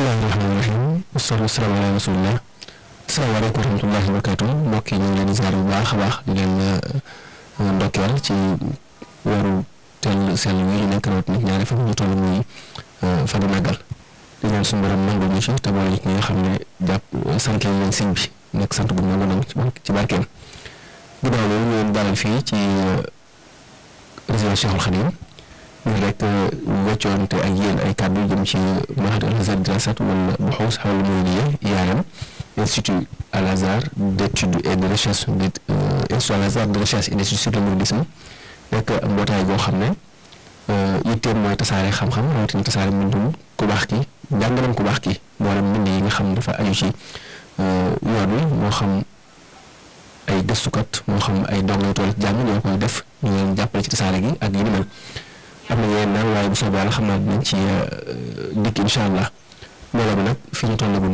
bismillaahi rahmaani rahiim wasalaatu wasalaamu ala rasulillah asalaamaaleykum wa rahmatullahi wa barakatu mbokk yi ñu ngi leen di ziar bu baax a baax di leen uh, ndokkeel ci weeru teel sell wi ñu nekk rawat nag ñaari fan ñu toll muy uh, fanu màggal di ñaan suñu borom nangu ñu ci te boole ñi nga xam ne jàpp uh, sant leen leen sëñ bi nekk sant bu nangu nangu ci barkeem ginnaaw loolu ñu leen dalal fii ci résidence Cheikhul Khadim ñu rek weccoonte ak yéen ay kàddu jëm ci mahad al azhar dirasat wala buxuus xawla mawliya yaayam institut al azhar d'études et de recherche de euh, institut al azhar de recherche et d'études sur le mouridisme nekk mbootaay goo xam ne euh, yitteem mooy tasaare xam-xam rawatina tasaare mbindum ku baax ki jàngalam ku baax ki mboolem mbind yi nga xam dafa aju ci euh, yoon wi moo xam ay gëstukat moo xam ay dongay tool jàmm ñoo koy def ñu leen jàppale ci tasaare gi ak yi ni mel am nañu yenn daal waaye bu soobee yàlla xam naa dinañ ci euh, dikk incha allah mbooloo bi nag fi ñu toll ko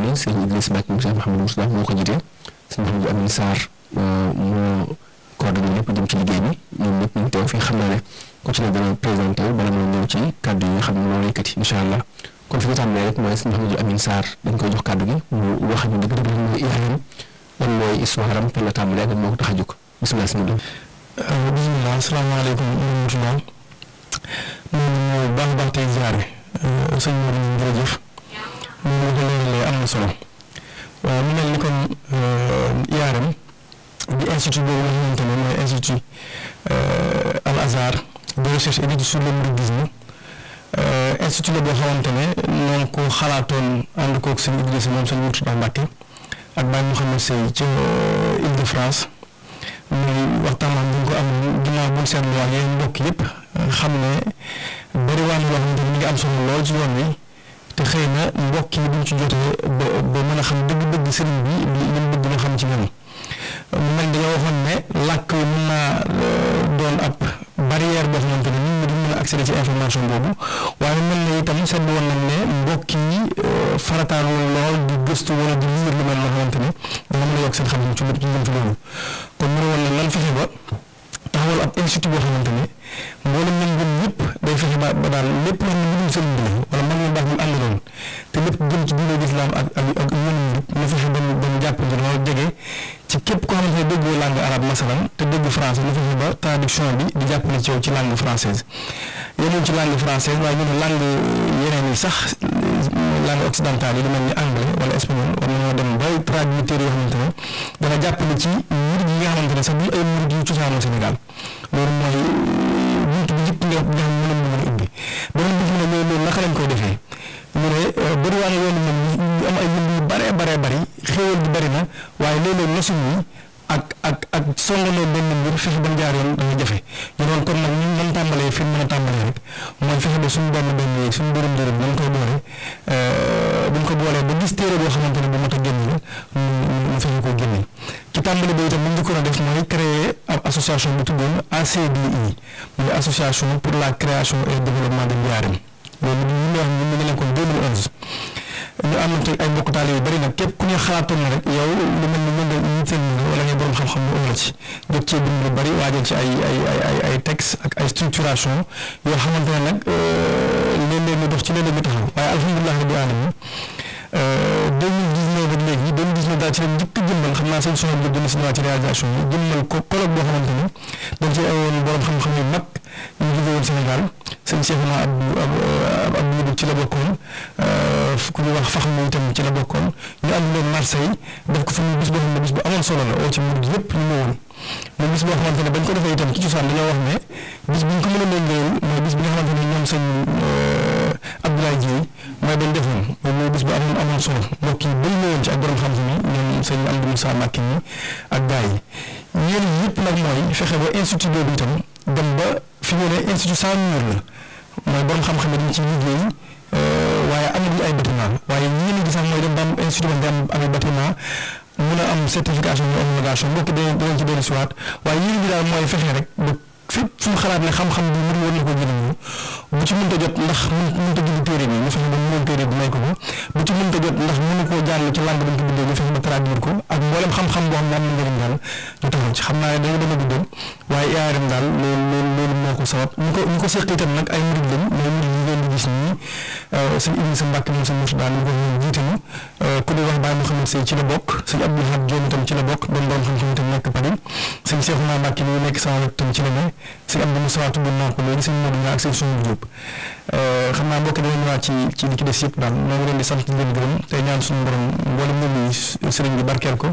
jiite sëñ Mouhamadou Amine Sarr euh, moo coordonné lépp jëm ci liggéey bi ñoom ñëpp ñu teew fii xam na ne ku ci ne dana présenté bala moo ñëw ci kàddu yi nga xam ne moo yëkkati incha allah kon fi nga tàmbalee rek mooy sëñ Mouhamadou Amine Sarr dañ koy jox kàddu gi mu wax ñu dëgg dëgg lan mooy IAM la tàmbalee ak moo ko tax a jóg bisimilah sëñ bi. Euh, bisimilah asalaamaaleykum wa rahmatulah. moom baax baax tey ziare euh, sëñ Mor ñu jërëjëf moom la ko leeralee am na solo waaw mu mel ni kon IAREM euh, di institut boobu nga xamante ne mooy institut euh, Al Azhar de recherche et d'étude sur le mouridisme institut la boo xamante ne noonu ko xalaatoon ànd koog sëñ Idrissa moom sëñ Mourtada Mbacke ak bàyyi Mouhamed Seye ca Île de France muy waxtaan ak ñu ko am ginnaaw bu ñu seetloo ak yéen mbokk yëpp. xam ne bariwaan yoo xamante ni mi ngi am solo lool ci yoon wi te xëy na mbokk yi duñ ci jotee ba ba mën a xam dëgg-dëgg bi li xam ci ñoom mu mel dañoo waxoon ne làkk wi mën naa euh, doon ab barrière boo xamante ne nit ñi duñ mën a accéder information boobu waaye mel na itam seetlu woon nañ ne mbokk yi euh, farataal lool di gëstu wala di liir lu mel loo xamante ne dina mën a yokk seen xam-xam ci lu jëm ci loolu kon mu ne woon na lan ba. taxawal ab institut boo xamante ne mboolem ñoom ñoom ñëpp day fexe ba ba daal lépp loo xam ne mënuñ sëriñ bi la wala mag ñu baax ñu ànd lool te lépp jëm ci diine ba mu ba mu jàpp lool jege ci képp koo xamante ne déggoo langue arabe masalan te dégg français ñu fexe ba bi di jàppale ci yow ci langue française yéen ci langue française waaye ñu ne yeneen sax langue occidentale yi lu ni anglais wala espagnol war nañoo dem bay traducteur yoo xamante ne dana jàppale ci. ñi nga xamante ne sax du ay murid yu cosaanoo Sénégal loolu mooy bunt bi la mën a ubbi beneen bi ne loolu naka koy bari xéwal bari na waaye léeg-léeg ak ak ak songaloo benn mbir yoon dafa jafe ñu doon kon nag ñu mën tàmbalee fi mën a tàmbalee rek mooy fexe suñu benn suñu borom njëriñ bu ñu koy boole euh, bu ko boolee ba gis téere boo xamante ne bu mat a génn la mu fexe ko génne ci tàmbali ba itam mu njëkkoon a def mooy créer ab association bu tuddoon ACDI muy association pour la création et développement de Ndiarème loolu ñu ngi wax ñu ngi nekkoon 2011 ñu am tey ay mbokk taal yu bëri nag képp ku ñu xalaatoon na rek yow lu mel ni mën xam-xam bu ëllëg ci jot cee bind lu bëri waajal ci ay ay ay ay ay texte ak ay structuration yoo xamante ne nag euh, léeg-léeg ñu dox ci léeg-léeg ñu taxaw waaye alhamdulilah rabbi alamin 2019 euh, ak léegi daal ci lañ njëkk a jëmbal xam naa seen soxna bi dina si ñëwaat ci réalisation bi jëmbal ko colloque boo xamante ci awoon borom xam-xam la bokkoon euh, ku ñuy wax faxam moom itam ci la bokkoon ñu ànd leen Marseille def ko fi mu bis boo xam ne bis la oo ci mbir yëpp ñu ñëwoon moom bis boo xamante ne bañ ko defee itam ci cosaan dañoo wax ne bis bi ñu ko mën a méngale mooy bis bi nga ne ñoom seen Abdoulaye Dieye mooy dañ defoon mooy bis bu amoon amoon solo mbokk yi bëri na woon ci ak borom xam-xam yi ñoom fexe ba institut boobu itam ba fi ñu ne institut sans mur la mooy borom xam-xam yi dañ ci liggéey euh, waaye amaguñ ay bâtiment waaye ñeneen gi mooy dem ba am institut ba am amee bâtiment mun a am ci dellu si waaye yéen bi daal mooy fexe rek. fépp fu xalaat ne xam-xam bi mën war na ko jëriñoo bu ci mënta jot ndax mënta jënd téere bi ñu fexe ba mënul téere bi may ko ko bu ci mënta jot ndax mënu koo jaarale ci langue bi ñu ko bindee ñu fexe ba ko ak mboolem xam-xam boo xam na njëriñ daal ñu taxaw ci xam naa ne dama guddoon waaye IARM daal loolu loolu moo ko sabab ñu ko ñu ko seq itam nag ay murid lañ ngeen di gis nii euh, sëñ Idrissa Mbacke moom sëñ Moussa daal ko ñëw jiite ñu euh, ku di wax Baye Mouhamed Seye sama wet tam ne sëñ Abdou Moussa tudd naa ko léegi sëñ Modou Niang ak sëñ Soumou Diop euh, xam naa bokk dañu waa ci ci li ci des yëpp daal ñoo ngi leen di sant bi barkeel ko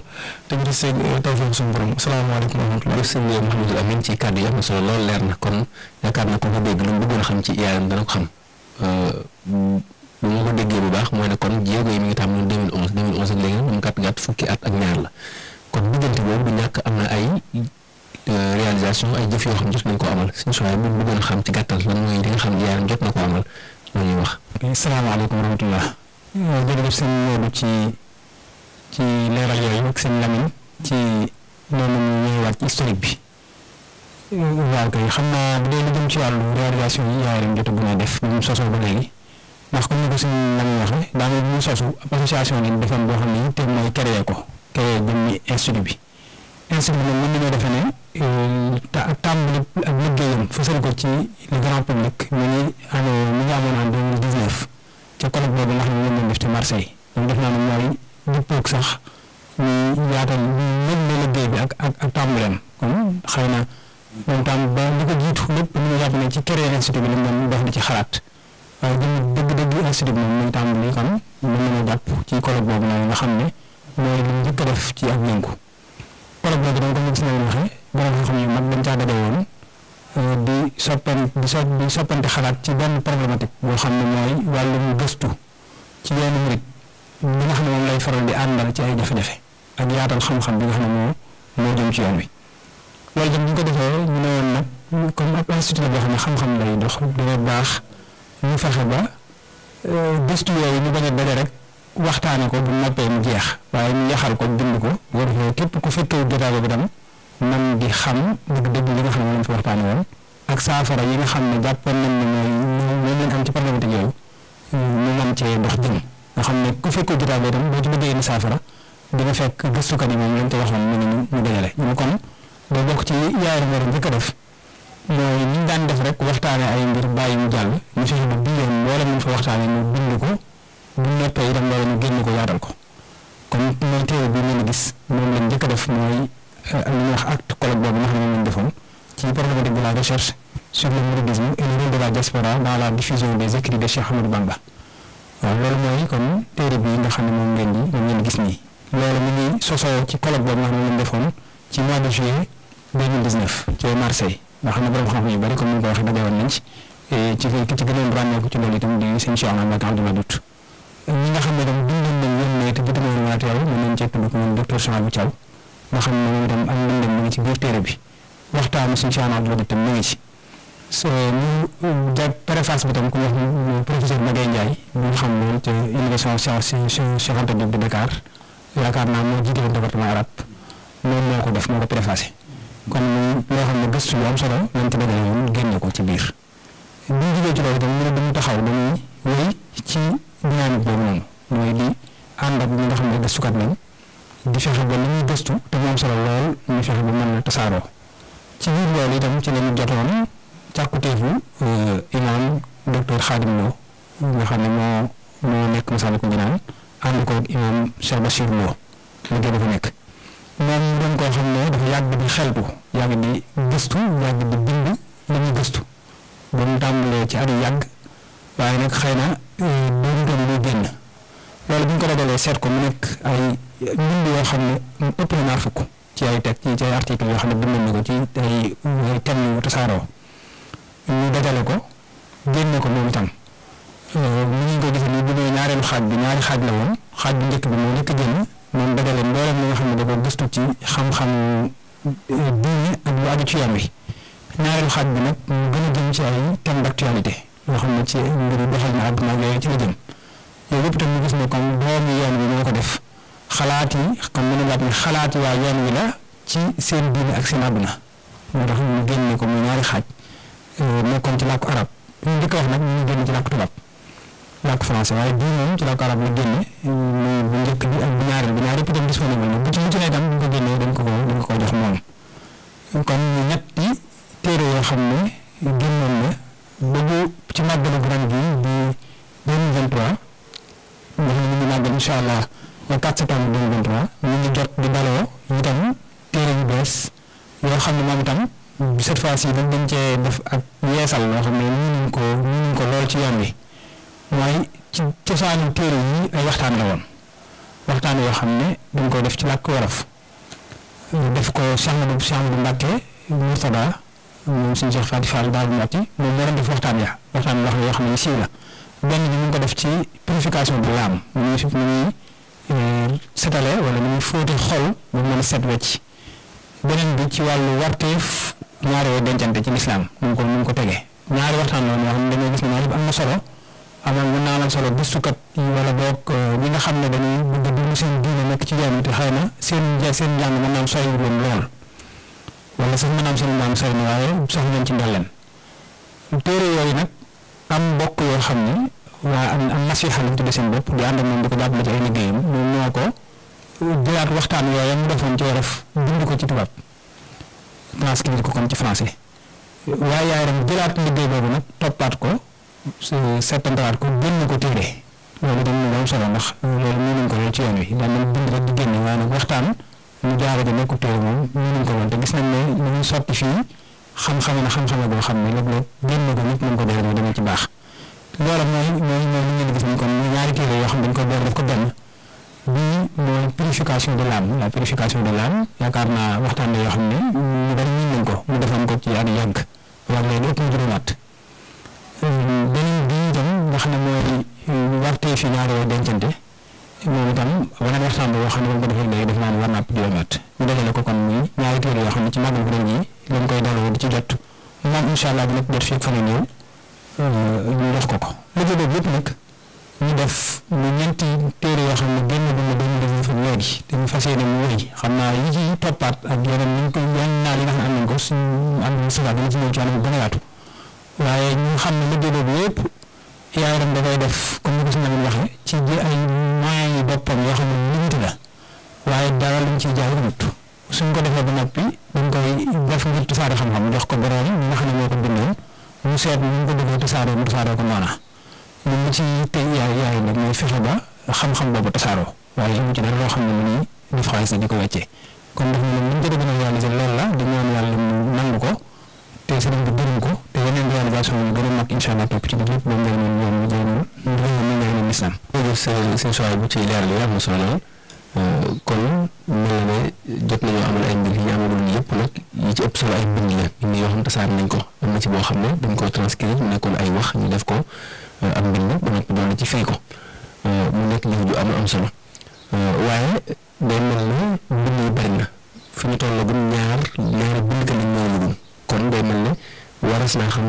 te ñu su tawfeex suñu borom salaamaaleykum wa rahmatulah sëñ Mouhamadou Amine ci kàddu yi am na solo lool leer na ko ko dégg lu mu bëggoon a xam ci yaayam dana ko xam bu euh, ma ko déggee bu baax mooy ne kon jéego yi mi ngi tàmbali 2011 2011 ak léegi nag moom gàtt gàtt fukki at ak ñaar la kon diggante boobu du ñàkk am na ay euh, réalisation ay jëf yoo xam jot nañ ko amal suñu soxla bu bëggoon xam ci gàttal lan mooy li nga xam yaaram jot na ko amal loolu ñuy wax. salaamaaleykum wa rahmatulah. Euh, jërëjëf ci ci leeral yooyu ak sëñ Lamine ci noonu ñëwaat historique bi. waaw kay xam naa bu dee lu jëm ci wàllu réalisation yi yaay lañ jotagu ñuy def ñun sosoo ba léegi ndax comme ni ko suñu la ñu waxee daanaka bu ñu sosu association lañ defoon boo ne te mooy créé ko nag mën nañoo defee ne euh, tàmbali ak ko ci le grand public mu ngi amee mu ngi amoon en 2019 ca colloque boobu nga xam ne ñu def ci Marseille moom def naa ne mooy dëppoog sax ñu yaatal xalaat ci benn problématique boo xam ne mooy wàllum gëstu ci yoonu murit bi nga xam ne moom lay faral di àndal ci ay jafe-jafe ak yaatal xam-xam bi nga xam ne moom moo jëm ci yoon wi. loolu itam bu ko defee ñu ne woon nag comme ab la lay dox dina baax ñu fexe ba euh, gëstu yooyu ñu bañ a daje rek waxtaane ko bu noppee mu jeex waaye ñu yaxal ko bind ko war képp ku fekkee jotaay bi itam man di xam dëgg-dëgg li nga xam ne moom fi waxtaane woon. ak saafara yi nga xam ne jàppoon nañ ne mooy moom lañ am ci problématique yooyu nga xam ne ku fekk jotaay boobu itam boo ci bëggee ni saafara dina fekk gëstukat yi moom lañ te waxoon mu ne ñu dajale ñu kon da bokk ci yaayam war a njëkk a def mooy ni ñu daan def rek waxtaane ay mbir bàyyi mu jàll ñu fexe ba bii yoon wala mu fa waxtaane ñu bind ko bu noppee itam loolu ñu génn ko yaatal ko kon mooy téere bi ngeen gis moom lañ njëkk def mooy euh, lu ñuy wax acte colloque boobu nga xam ne moom lañ ci problématique de la recherche sur le mouridisme et le rôle de la diaspora dans la diffusion des écrits de Cheikh Ahmadou Bamba waaw loolu mooy comme téere bi nga xam ne moom ngeen di moom ngeen gis nii. loolu mu ngi sosoo ci colloque boobu nga xam ne moom defoon ci mois de juillet 2019 ci Marseille nga xam ne borom xam-xam yu bëri comme ni nga ko waxee dajewoon nañ ci ci ki ci gënoon ràññeeku ci loolu itam di seen Cheikh Ahmadou Abdoul Wadoud ñi nga xam ne tam dundoon nañ woon ne te jotu woon naa teew mën nañ cee tudd ko moom docteur Souhaïbou Thiaw nga xam ne moom itam am ndam mu ngi ci biir téere bi waxtaan suñu Cheikh Ahmadou Abdoul Wadoud tam mu ngi ci so ñu jag préface bi tam ku wax professeur Magaye Ndiaye ñu xam ne ci université science Cheikh Anta Dakar yaakaar naa moo jiite woon département arabe moom moo ko def moo ko préfacé kon loo xam ne gëstu yu am solo lañ ci dajale woon ko ci biir bi ñu jógee mu loolu tam ñu ne dañu taxaw dañuy wéy ci dynamique di ànd ak ñi nga xam ne gëstukat nañ di fexe ba li ñuy gëstu te mu am solo lool ñu fexe ba mën na tasaaroo ci biir loolu itam ci la ñu càkkutéefu euh, imaam docteur Khadim Lo nga xam ne moo moo nekk Masaalikul Jinaan ànd ko ak imaam Cheikh Bachir Lo mu gën a fa nekk moom mu doon koo xam ne dafa yàgg di xeltu gëstu yàgg di bind gëstu ba mu ci at yu yàgg waaye nag xëy na euh, doonutoon muy génn loolu bu ñu ko dogalee seet ko mu nekk ay mbind yoo xam ne ëpp na ñaar fukk ci ay teg ci ay article yoo xam ne bind na ko ci ay ay thèmes yu tasaaroo ñu dajale ko génne ko moom itam mu euh, ngi ko gisee xaaj bi ñaari xaaj la woon xaaj bu njëkk bi moo njëkk génn moom dajale mbooleem li nga xam ne da ko ci xam-xam euh, ci yoon wi ñaareelu xaaj bi nag mu ci ay thème d'actualité yoo xam ne ci mbiru doxal na àdduna ci la jëm yëpp itam ñu gis ne comme doomi ko def xalaat yi comme mën nga ne xalaat waa yoon wi la ci seen diine ak seen àdduna moo tax ñu génne ko mu ñaari xaaj Euh, nekkoon ci làkku arab ñu a wax nag ñu génn ci làkku tubaab làkku a waaye bii moom ci làkku arab la génne beneen bi ci wàllu warteef ñaari way dencante ci lislaam nu mu ko nu mu ko tegee ñaari waxtaan loolu yoo xam ne dañoo gis ne ñaar yëpp am na solo amal mën naa amal solo gëstukat yi wala boog euh, ñi nga xam ne dañuy bëgg dund seen diine nekk ci jaam te xëy na seen seen njàng mën naa am sori loolu lool wala sax mën naa am seen maam sori na waaye soxla nañ ci ndolleen téere yooyu nag am mbokk yoo xam ne waa am am nasiha lañ tuddee seen bopp di ànd ak moom di ko jàppale ci ay liggéeyam ñoo ko. jëlaat waxtaan yooyu mu defoon ci wolof bind ko ci tubaab transcrire ko kon ci français waaye yaay ren jëlaat liggéey boobu nag toppaat ko settantalaat ko génn ko téere loolu dañ ne am solo ndax loolu mën ko lool ci yoon wi daan nañ bind rek di génne waaye nag waxtaan mu jaaree di nekk téere moom ko lool te gis nañ ne ñu ngi sotti fii xam-xam na xam-xam boo xam ne léeg-léeg ci baax loolu mooy purification de l'âme la purification de l'âme yaakaar naa waxtaan la yoo xam ne ñu bari ko ñu defoon ko ci at yàgg wax léegi na juróom at beneen bi itam nga xam ne mooy de fi ñaari yoo dencante moom itam waneen waxtaan boo xam ne ba mu ko defee léegi def naa ne war naa ëpp juróom at ñu dajale ko kon muy ñaari téere yoo xam ne ci màggal ko ren ci jot moom incha allah dina jot fii fan yii ñëw euh, ñu def ko ko liggéey boobu yëpp nag ñu def mu ñeenti téere yoo xam ne benn bu mu dañu def dafa weeri te mu fas yéene mu wéy xam naa yi ci toppaat ak yeneen ñu ko yeneen naal yi nga xam ne am nañ ko suñu ànd Moustapha dina ci ñëw ci anam bu a yaatu waaye ñu xam ne liggéey boobu yëpp yaayaram dafay def comme ni ko la waaye dara luñ ciy jaay amut suñ ko defee ba mu seet mu ko ko noona lu mu ci tey yaay yaay nag mooy fexe ba xam-xam boobu tasaaroo waaye amu ci dara loo xam ne mu nii différence di ko wàccee kon ndax moom ni a gën la di ñaan yàlla mu nangu ko te sëriñ bi gërëm ko te yeneen réalisation yu gën a mag incha allah topp ci biir lépp ba mu ñëw ñoom ñu jëriñu ñu jëriñu ñu jëriñu bu ci leer li am na solo lool euh, kon na ne jot nañoo amal ay mbir yi amalul yëpp nag yi ci ëpp solo ay bind la yoo xam tasaar nañ ko am na ci boo xam ne dañ koo transcrire nekkoon ay wax ñu def ko Euh, am ci fay euh, mu nekk jëf ju am am solo euh, waaye day mel ne bind yi bari na fi ñu tollagum ñaar ñaari bind ka lañ ñëwagum kon day mel ne waras naa xam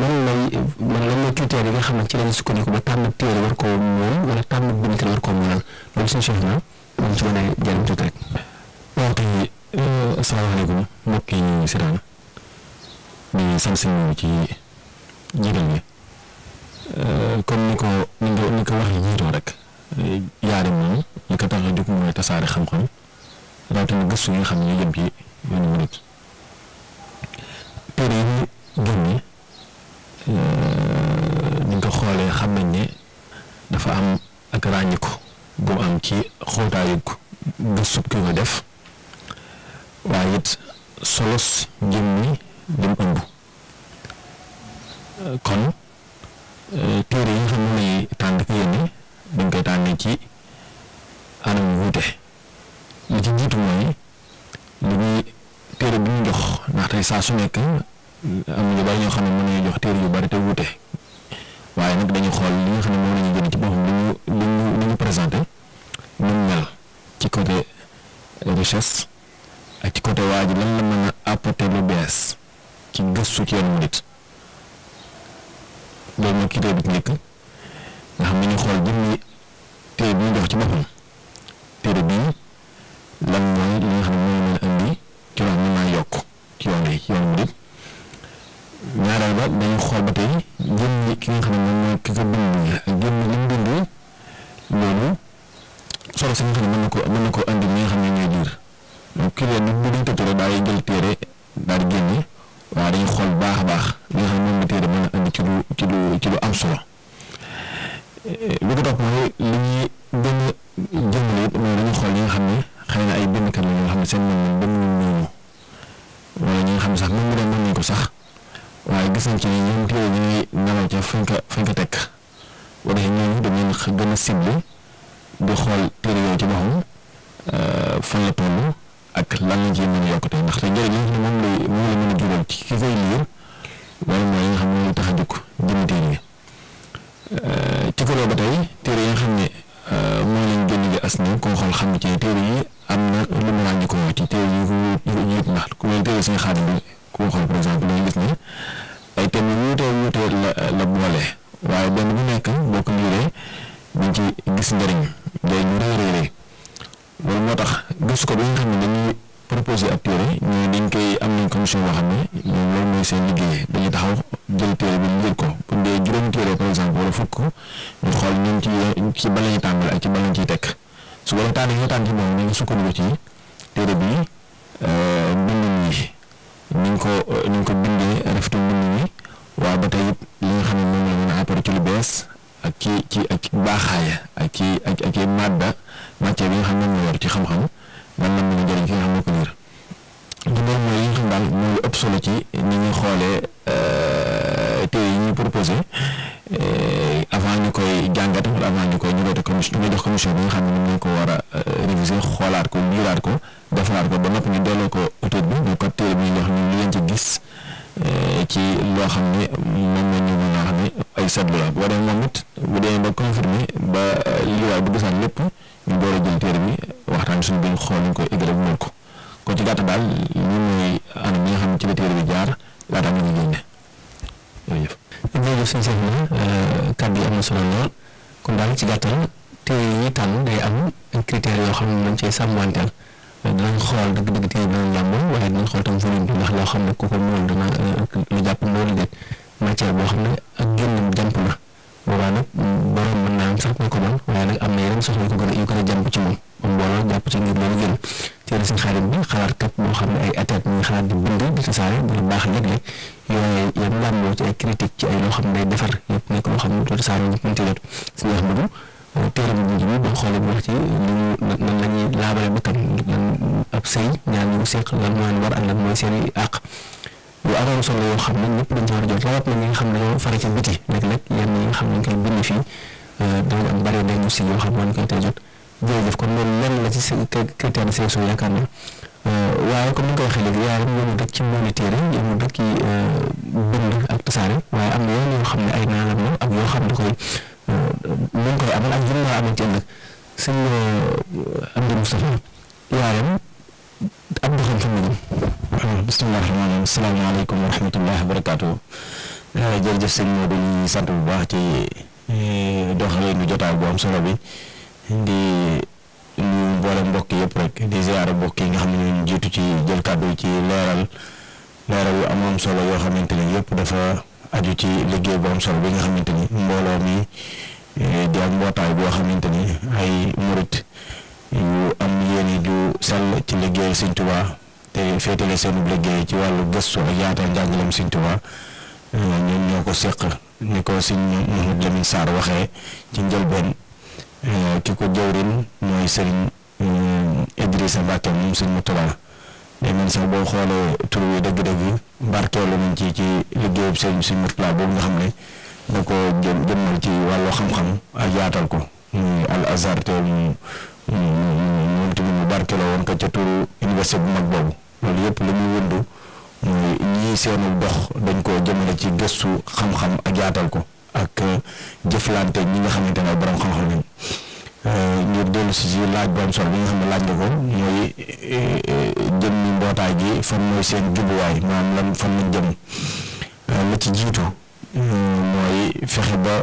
man lay man lan yi nga xam ne ci lañ sukkandiku ba tànn téere war koo mool wala tànn bind ka war koo moolal loolu suñu soxna moom ci mën a jëriñ tuuti rek. waaw tey asalaamaaleykum mbokk yi ñu ngi si daan ci jiital bi. Euh, comme ni ko ni nga ni ko waxee jiitoo rek euh, yaari moom li ko tax a mooy tasaare xam-xam rawatina gëstu yi xam ne yëpp yi ni euh, ko xoolee xam nañ ni dafa am ak ràññiku gu am ci xóotaayu gëstu ki ko def waaye it solos jëm ni lim ëmb kon téere yi nga xam ne lay tànn ak yéen dañ koy tànnee ci anam wuute li ci jiitu mooy li ñuy téere bi jox ndax saa su nekk am na ñu bari ñoo xam ne mën nañu jox téere yu bari te wuute waaye nag dañu xool li nga xam ne ñu li ñu li ñu présenté ñu mel ci côté richesse ak ci côté waa ji lan la mën a lu bees ci gëstu ci yoonu loolu mooy critère bi ci njëkk nga xam ci boppam téere bii yokk ci yoon yi ci yoon mu dit ñaareel ba dañu ko bind ak jëmmi li mu solo si nga xam ne mën na ko mën na ko xam ne ñooy diir donc critère bi bu duñ tëjee daal di jël téere daal jën génne waaw dañuy xool bu baax a baax li nga xam ne moom la téere mën a indi ci lu ci lu ci lu am solo eh, li ko topp mooy li ñuy xool ñi nga xam ne xëy na ay bindkat la ñoo xam ne seen mën-mën dem nañu wala ñi nga xam ne sax doon mën ko sax waaye gis nañ ci ne ñoom téere ñu ngi nelaw ca fañ ko fañ ko tekk wala ñooñu dañ gën a ciblé di xool téere yooyu ci boppam eh, fan la toll lan lañ ciy mën a yokkute ndax te njëriñ li nga a ci ci ban la ñuy tàmbali ak ci ban lañ ciy teg su ko waxtaanee ñu tànn ci moom ñu ngi sukkandiku ci téere bi euh, mbind mi ni nga ko ni euh, nga ko bindee rafetu waaw ba tey it li xam ne moom la mën a ci lu bees ak ci ci ak baaxaaya ak ci ak ak i madda matière bi nga xam ne moom ci xam-xam nan la mën a jëriñ fi xam ne ko niir loolu nga xam daal mooy ëpp solo ci ni ñu xoolee euh, téere yi ñuy proposé. Euh, avant ñu koy jàngat wala avant ñu koy ñu koy commission ñu jox commission bi nga xam ne ñoom ñoo ko war a euh, xoolaat ko liiraat ko defaraat ko ba noppi ñu delloo ko auteur bi ñu ko téere bi ñu leen ci gis euh, ci loo xam ni moom la ñu mën a wax ay seetlu la boo demee moom it bu demee ba confirmé ba liwaay bu gisaat lépp ñu door a jël téere bi waxtaan suñu biir xool ñu koy éggale bu mel ko kon ci gàttal daal ñu mooy anam yi nga xam ci la téere bi jaar laata ñu ngi jërëjëf sëñ Cheikh na kàddu yi am na solo lool kon daal ci gàttal te yi ñuy tànn day am ay yoo xam ne dañ cee sàmmanteel euh, dinañ xool dëgg-dëgg téere bi dinañ yàmboo waaye dinañ xool tam volume bi ndax loo xam ne ku ko mool dana euh, lu jàpp mool déet matière boo xam ne ak génn jàmp na boobaa nag mm, ñaan sax moo ko man waaye nag am na yeneen soxla yu ko gën a yu gën a jàmp ci moom moom mbooloo jàpp ci ngir loolu gën téere seen xaalim bi xalaat kat moo xam ne ay ateet ñu ngi xalaat di bind di tasaare dana baax léeg-léeg yooyu yam làmboo ci ay critique ci ay loo xam ne day defar yëpp nekk loo xam ne loolu tasaare ñëpp mën ci jot si ñax madu euh, téere bu mujj bi boo xoolee bu wax ci ñu nan la ñuy laabale bakkan lan ab sëy ñaar ñu seq lan mooy war ak lan mooy seen i àq lu amoon solo yoo xam ne ñëpp dañ ci war a jot rawat na ñi nga xam ne ñoo fare ci biti léeg-léeg yenn yi nga xam ne ñu koy bind fii dinañ am bari day aussi yoo xam ne koy tey jot jërëjëf kon ci seen euh, critère waaye comme ni nga ko waxee léegi yàlla yemul euh, ak tasaare waaye am na xam ne ay naalam la ak yoo xam ne koy euh, mu ngi koy amal ak jëm nga amal ci ëllëg sëñ Amdi Moustapha yaaram am doxam fi mu jëm. bismillahi rahmaani rahim asalaamaaleykum wa rahmatullahi wa barakaatu jërëjëf sëñ Modou ñu sant bu baax ci. Eh, dox leenu jotaay bu am solo bi di nuyu mboolem mbokk yëpp rek di ziara mbokk yi nga xam ne ñu jiitu ci jël kàddu ci leeral leeral yu am am solo yoo xamante ni yëpp dafa aju ci liggéey bu am solo bi nga xamante ni mbooloo mi eh, di am mbootaay boo xamante ni ay murit yu am yéene ju sell ci liggéeyal Sëñ Tuubaa te féetale seenub liggéey ci wàllu gëstu ak yaatal njàngaleem Sëñ Tuubaa eh, ñoom ñoo ko séq ni ko sëñ Mouhamed Lamine Sarr waxee ci njëlbeen ki ko jëwrin mooy sëriñ Idrissa Mbacke moom sëñ Moutala day mel sax boo xoolee tur wi dëgg-dëgg barkeelu nañ ci ci liggéeyub sëriñ sëñ Moutala boobu nga xam ne da ko jëm jëmmal ci wàllu xam-xam ak yaatal ko muy al te mu moom tamit mu barkeeloo woon ko ca turu université bu mag boobu loolu yëpp li muy wëndu ñii seenu dox dañ koo jëmale ci gëstu xam-xam ak yaatal ko ak euh, jëflante ñi nga xamante ne borom xam-xam lañ euh, ngir dellu si ci laaj bu sol solo nga xam ne laaj nga ko mooy euh, jëm mbootaay gi fan mooy seen jubluwaay maanaam la fan lañ jëm la ci jiitu mooy fexe ba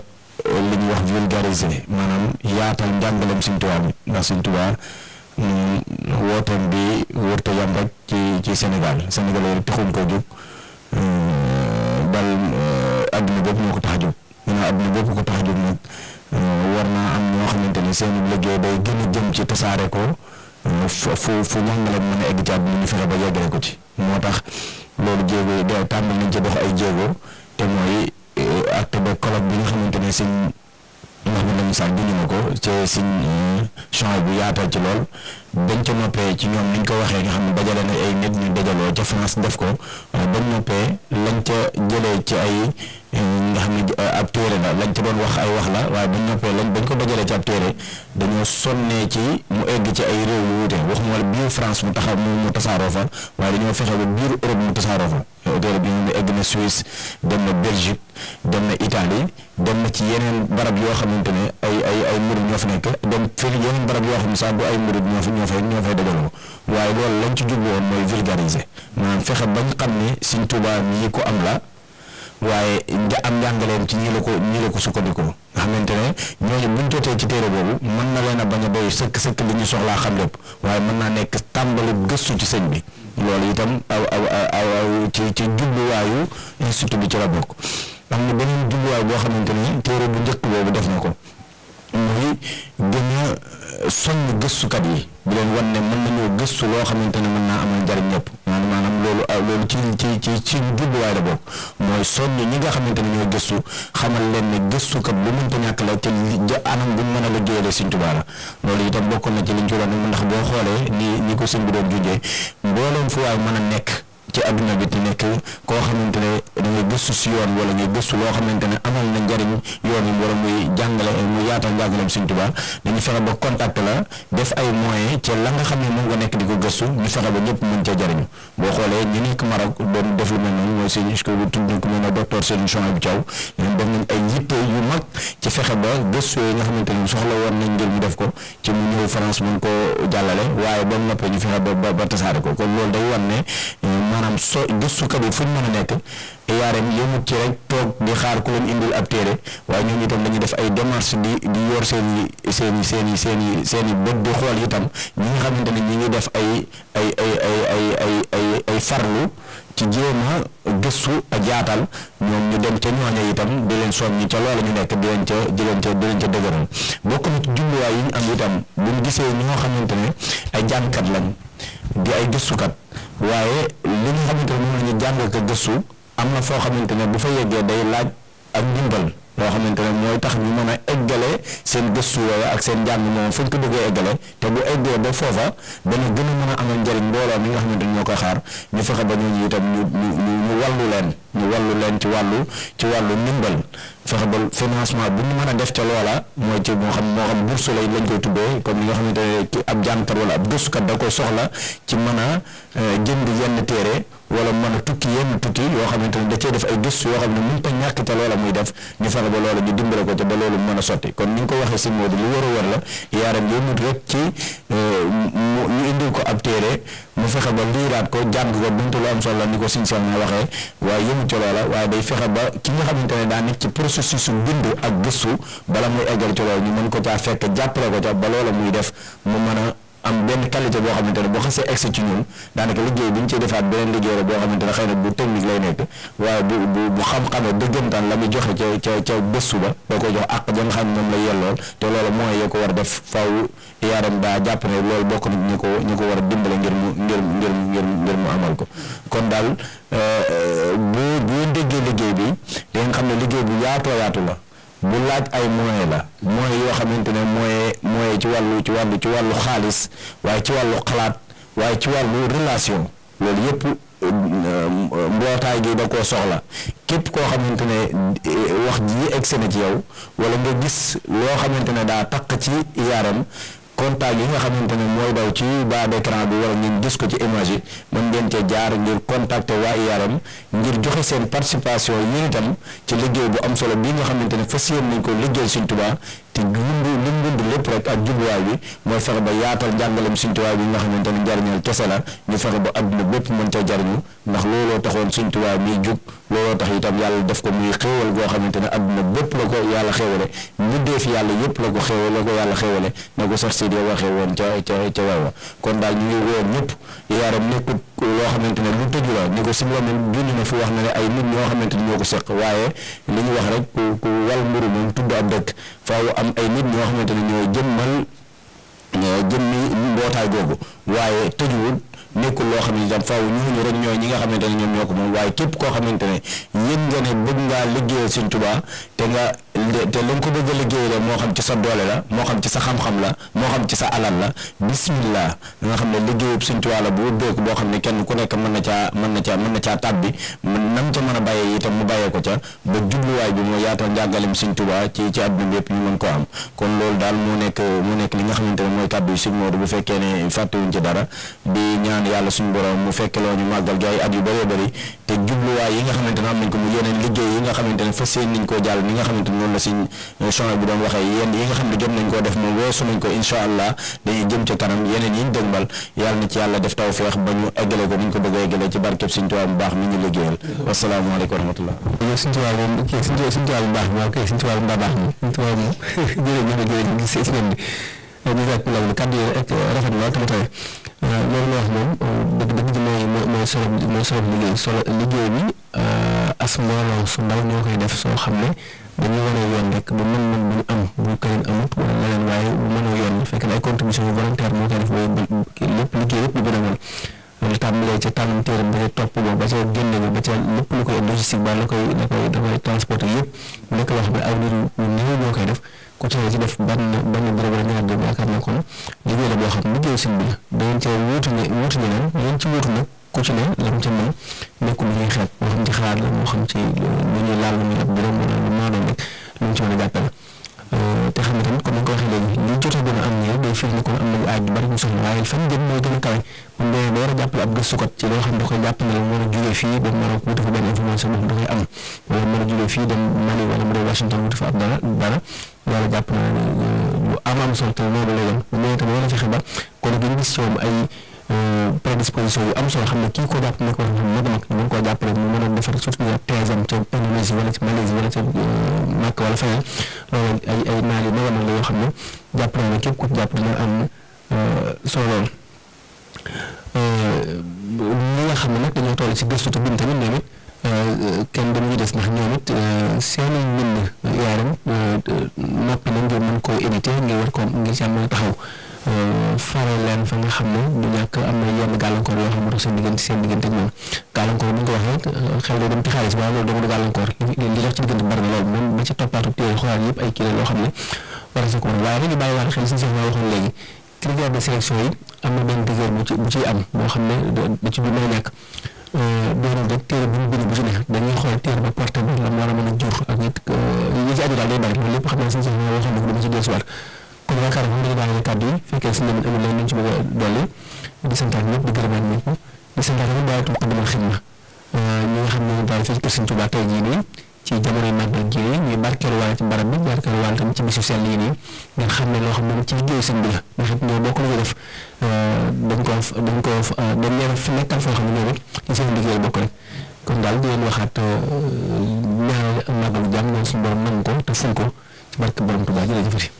li ñuy wax vulgariser maanaam yaatal njàngaleem Sëñ Tuubaa mi ndax Sëñ Tuubaa wooteem bi wërta yam rek ci ci Sénégal Sénégal rek taxum ko jóg euh, bal adduna euh, bopp moo ko tax a jóg ñu ne adduna bopp ko tax jóg nag euh, war naa am ñoo xamante ni seen liggéey day gën a jëm ci tasaare ko fu fu njàngale mën a egg ci àdduna ñu fexe ba yeggale ko ci moo tax loolu jéego day tàmbali nañ ci dox ay jéego te mooy acte de colloque bi nga xamante ne seen ndax mu dem sax dindi ma ko ci suñ champs bu yaatal ci lool dañ ca noppee ci ñoom luñ ko waxee nga xam ne dajalee na ay nit ñu dajaloo ca France def ko bañ noppee lañ ca jëlee ci ay. nga xam ne euh, ab téere la lañ ci doon wax ay wax la waaye bañ noppee lañ bañ ko dajalee ci ab téere dañoo sonnee ci mu egg ci ay réew yu wuute waxuma la biir France mu taxaw mu mu tasaaroo fa waaye dañoo fexe ba biir Europe mu tasaaroo fa téere bi ñu egg na Suisse dem na Belgique dem na Italie dem na ci yeneen barab yoo xamante ne ay ay ay murid ñoo fa nekk dem fii barab yoo xam ne sax du ay murid ñoo fa ñoo fay ñoo fay dajaloo waaye loolu lañ ci jublu mooy vulgariser maanaam fexe bañ xam ne Sëriñ Tuubaa mii ko am la. waaye nga am njàngaleem ci ñi la ko ñi la ko sukkandikoo nga xamante ne ñooñu buñ jotee ci téere boobu mën na leen ba bañ a doy sëkk sëkk li ñu soxlaa xam lépp waaye mën naa nekk tàmbali gëstu ci sëñ bi loolu itam aw aw aw ci ci jubluwaayu institut bi ci la bokk am na beneen jubluwaay boo xamante ni téere bu njëkk boobu def na ko mooy gën a euh, sonn gëstukat yi bu leen wan ne mën nañoo gëstu loo xamante ne mën naa amal njariñ ñëpp maanaam loolu euh, loolu ci ci ci ci jubluwaay la bokk mooy sonn ñi nga xamante ne ñooy gëstu xamal leen ni gëstukat bu mënta ñàkk la te anam bu mën a la jëlee Sëñ Tuubaa la loolu itam bokkoon na ci liñ ci doon ndax boo xoolee ni ni ko sëñ bi doon junjee mbooleem fu waay mën a nekk. ci adduna bi te nekk koo xamante ne dañuy gëstu si yoon wala ñuy gëstu loo xamante ne amal na njariñ yoon yi wala muy jàngale muy yaatal njàngaleem Sëriñ Tuubaa dañu fexe ba contact la def ay moyens ci la nga xam ne moom nga nekk di ko gëstu ñu fexe ñëpp mën ca jariñu boo xoolee ñu nekk Maroc doon def lu mel noonu mooy seen isko bu tudd nañ ko mel ne docteur Serigne Souhaïbou Thiaw ñoom def fexe ba gëstu yooyu xamante ne soxla woon nañ ngir ñu def ko ci mu ñëw France mën koo jàllale waaye ba mu noppee ñu fexe ba ba tasaare ko kon loolu day wan ne maanaam so gëstukat yi fu ñu mën a nekk IAREM yëmut ci rek toog di xaar ku leen indil ab téere waaye ñoom tam dañuy def ay démarche di di yor seen i seen i seen i seen i seen i bët di xool itam ñi nga xamante ne ñu ngi def ay ay farlu ci jéem a gëstu a jaatal ñoom ñu dem ca ñooña itam di leen soññi ca loola ñu nekk di leen ca di leen ca ca dëgëral bokk na ci jumluwaay yi ñu am itam bu ñu gisee ñoo xamante ne ay jàngkat lañ di ay gëstukat waaye li nga xamante ne moom la ñu jàng ak gëstu am na foo xamante ne bu fa yeggee day laaj ak ndimbal loo xamante ne mooy tax ñu mën a eggale seen gëstu yooyu ak seen njàng moom fañ ko bëggee eggale te bu eggee ba foofa dana gën mun a amal njëriñ mbooloo mi nga xamante ni ñoo ko xaar ñu fexe ba ñooñu itam ñu ñu ñu wàllu leen ñu wàllu leen ci wàllu ci wàllu ndimbal fexe ba financement bu ñu mën a def ca loola mooy ci moo xam moo xam solo yi lañ koy tuddee comme li nga xamante ne ab jàngkat wala ab gëstukat da koy soxla ci mën a euh, jënd yenn téere wala mën a tukki yenn tukki yoo xamante ne da cee def ay gëstu yoo xam ne mënu ñàkk te loola muy def ñu fexe ba loola a sotti kon ko waxee si Modou lu war a euh, indil ko ab téere mu fexe ba liiraat ko jàng ko buntu lu am solo ni ko siñ sam na waxee waaye yëmut ci loola waaye day fexe ba ki nga xamante ne daa nekk ci processus su bind ak gëstu bala muy eggal ci loolu ñu mën ko caa fekk jàppale ko ca ba loola muy def mu man a am benn qualité boo xamante ne boo xasee excès ci ñun daanaka liggéey bi ñu ciy defaat beneen liggéey la boo xamante ne xëy na bu technique lay nekk waaye bu bu bu xam-xamee dëggantaan la muy joxe ca ca ca suba ba da koy jox àq ba nga xam moom la yellool te loolu mooy yoo ko war def faaw yaaram daa jàpp ne loolu bokk na ñu ko ñu ko war a dimbale ngir mu ngir ngir ngir ngir mu amal ko kon daal euh, euh, bu bu déggee liggéey bi da xam ne liggéey bu yaatoo yaatu la bu laaj ay moyens la moyens yoo xamante ne moyens moyens ci wàllu ci wàllu ci wàllu xaalis waaye ci wàllu xalaat waaye ci wàllu relation loolu yëpp euh, mbootaay gi da ko soxla képp koo xamante ne eh, wax ji egsi na ci yow wala nga gis loo xamante ne daa taq ci yaaram contact yi nga xamante ne mooy daw ci bas d'écran bi wala ngeen gis ko ci image yi mën ngeen cee jaar ngir contacter waa IARAM ngir joxe seen participation yéen itam ci liggéey bu am solo bi nga xamante ne fas yéen nañ ko liggéey Sëñ Tuubaa te yëngu li mu bind lépp rek ak jubluwaay bi mooy fexe ba yaatal njàngalem Sëñ Tuubaa bi nga xamante ne njariñal kese la ñu fexe ba adduna bépp mën cee jariñu ndax looloo taxoon Sëñ Tuubaa miy jub looloo tax itam yàlla def ko muy xéewal goo xamante ne adduna bépp la ko yàlla xéewale mbindeef yàlla yëpp la ko xéewal la ko yàlla xéewale na ko sax si di waxee woon ca ca ca waaw kon daal ñu ngi woon ñëpp yaaram nekkut loo xamante ne lu tëju la ni ko si moom bind na fi wax na ne ay nit ñoo xamante ni ñoo ko seq waaye li ñu wax rek ku ku wal mburu moom tudd ab dëkk faaw am ay nit ñoo xamante ne ñoo jëmmal jëmmi mbootaay googu waaye tëjuwul nekkul loo xam ne itam faaw ñu rek ñooy ñi nga xamante ne ñoom ñoo ko moom waaye képp koo xamante ne yëg nga ne bëgg ngaa liggéeyal Sëñ Tuubaa te nga te la nga ko bëgg a liggéey moo xam ci sa doole la moo xam ci sa xam-xam la moo xam ci sa alal la bismillah da nga xam ne liggéeyub Sëñ Tuubaa la bu ubbeeku boo xam ne kenn ku nekk mën na caa mën na caa mën na caa tàbbi nam ca mën a bàyyee itam mu bàyyee ko ca ba jubluwaay bi moo yaatal njàngalem Sëñ Tuubaa ci ci àdduna bi yëpp ñu mën kon loolu daal moo nekk mu nekk li nga xamante ne mooy kàddu yu Sëñ bu fekkee ne fàttewuñ ci dara di ñaan yàlla suñu borom mu fekk loo ñu màggal gi ay at yu bëree bëri te jubluwaay yi nga ne am nañ ko mu yeneen liggéey yi nga xamante ne fas yéen nañ koo jàll ni nga xamante ne noonu la suñ euh, changement bi doon waxee yi nga xam ne jot nañ koo def moom weesu nañ ko incha allah dañuy jëm ca kanam yeneen yi ñu dëgmal yàlla na ci yàlla def taw feex ba ñu eggale ko ni ñu ko bëgg a eggale ci barkeb Sëñ Tuubaa bu baax mi ñu liggéeyal wasalaamaaleykum wa rahmatullah Sëñ baax mi waaw kii Sëñ Tuubaa bu baax baax mi Sëñ Tuubaa moom jërëjëf si ngeen bi bisakulaw bi kàddu euh, euh, moom dëgg dëgg ji mooy mooy solo mooy solo liggéey solo liggéey bi as su ndaw ñoo koy def soo xam ne bu ñu bu ñu am bu kërin amut wala leneen waaye bu mënoo yoon fekk na ay contribution yu volontaire moo koy def booy lépp liggéey yëpp lu gën a mën loolu tàmbalee liggéey la boo xam liggéeyu sin bi la dangeen cee wuutu ne wuutu ne leen ci wuutu nag ku ci ne lam ca nekkul lu ñuy xeet moo xam ci xalaat la moo xam ci lu ñuy laal lu ñuy ab dërëm wala lu maanoo ñu ci mën a jàppale euh, te xam nga tamit comme ni ko waxee léegi li jot a gën a am ñëw day fekk ni kon am nañu aaj bu bari bu soxla waaye fan jëm mooy gën a kawe bu ñu demee ba war a jàppale ab gëstukat ci loo xam da koy jàpp ne la mën a jugee fii ba mën a wuti fa benn information boo xam da koy am wala mën a jugee fii dem Mali wala mu dem Washington wuti fa ab dara dara loolu jàpp naa ne euh, lu am am solo te loolu lay doon bu ñu demee tamit war a fexe ba kon gis ci moom ay. Euh, prédisposition yu am soo xam ne kii ko jàpp nekk war na koo jàppale mu mën defar surtout nga thèse am ca Indonésie wala ca Malaisie wala euh, ay ay yoo xam ne jàppale na képp ku jàpp a am euh, solo lool ñi nga xam ne nag dañoo toll ci gëstu te bind tamit ñoom it kenn dañuy des ndax ñoom it seen mbind yaaram noppi na ngir mën koo édité ngir war koo ngir seen mën a taxaw Euh, faral leen fa nga xam ne du ñàkk am na yenn gàllankoor yoo xam ne xam ne war na ma waxoon léegi am na benn rigueur bu ci bu xam ne da ci du mën a euh, ba porté la mu war a mën a jur ak it ñi euh, ci aju daal day bari loolu lépp xam ne seen sax ma waxoon ne ko dama ci kon yaakaar naa dañu bàyyi kàddu yi fekkee si leen amul leen ci bëgg a dolli di santaat ñëpp di gërëmaat ñëpp di santaat ñëpp daal Muqaddimatul Xidma euh, ñi nga xam ne daal fii kër Sëriñ Tuubaa tey gi ñuy ne loo xam ne ci liggéeyu sëñ bi la ndax it ñoo bokk lu ñu def euh, dañ koo dañ koo euh, dañ ne ñoom liggéey bokk rek kon daal di leen waxaat ñaanal màggalu jàmm noonu suñu borom nangu ko te ful ko ci barke borom Tuubaa jërëjëfati